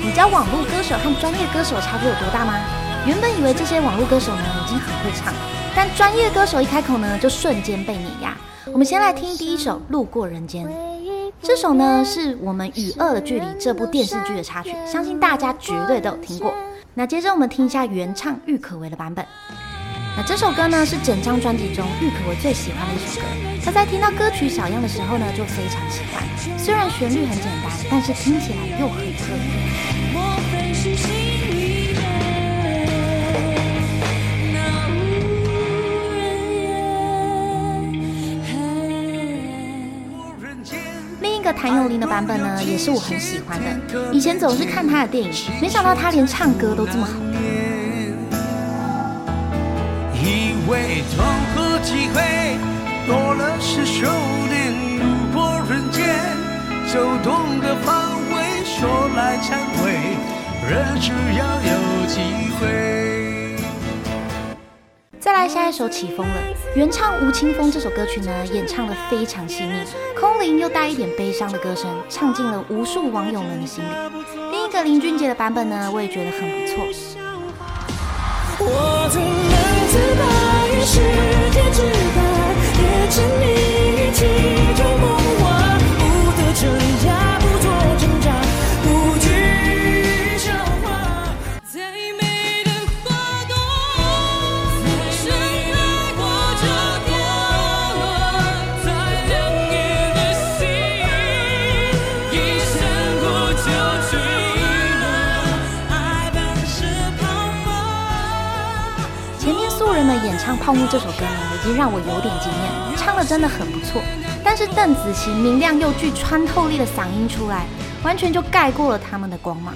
你知道網絡歌手和專業歌手差距有多大嗎？原本以為這些網絡歌手呢已經很會唱，但專業歌手一開口呢就瞬間被碾壓。我們先來聽第一首《路過人間》，這首呢是我們《與惡的距離》這部電視劇的插曲，相信大家絕對都有聽過。那接着我們聽一下原唱郁可唯的版本。那這首歌呢，是整張專輯中郁可唯最喜歡的一首歌。她在聽到歌曲小樣的時候呢，就非常喜歡。雖然旋律很簡單，但是聽起來又很特別。 另一個譚詠麟的版本呢，也是我很喜歡的。以前總是看他的電影，沒想到他連唱歌都這麼好。為痛喝幾杯，多了些修煉；路過人間，走動的方位，說來慚愧，人只要有機會。再來下一首，起風了。原唱吳青峰這首歌曲呢，演唱的非常細膩、空靈又帶一點悲傷的歌聲，唱進了無數網友們的心裡。另一個林俊傑的版本呢，我也覺得很不錯。演唱《泡沫》這首歌呢，已經讓我有點驚艷，唱的真的很不錯。但是鄧紫棋明亮又具穿透力的嗓音出來，完全就蓋過了他們的光芒。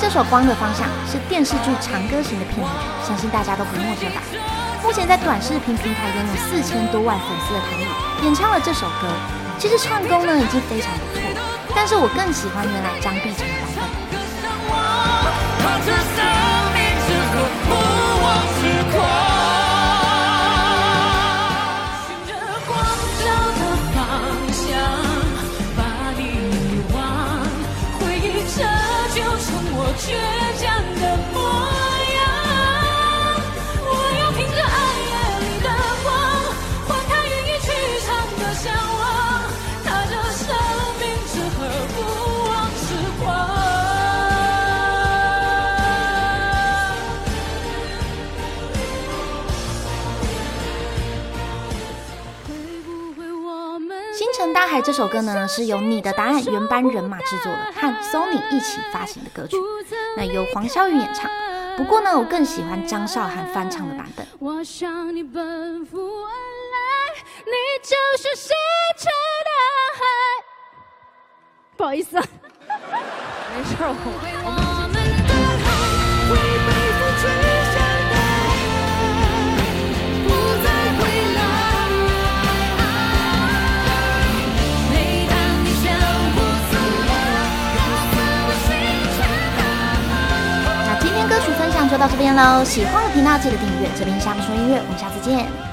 這首《光的方向》是電視劇《長歌行》的片尾，相信大家都不陌生吧？目前在短視頻平台擁有四千多萬粉絲的唐藝演唱了這首歌，其實唱功呢已經非常不錯，但是我更喜歡原來張碧晨版本。《星辰大海》這首歌呢，是由你的答案原班人馬製作的，和 Sony 一起發行的歌曲。那由黃霄雲演唱，不過呢，我更喜歡張韶涵翻唱的版本。我向你奔赴而來，你就是星辰大海。不好意思啊， 沒事，我我們。就到這邊嘍，喜歡的頻道記得訂閱。這邊夏慕說音樂，我們下次見。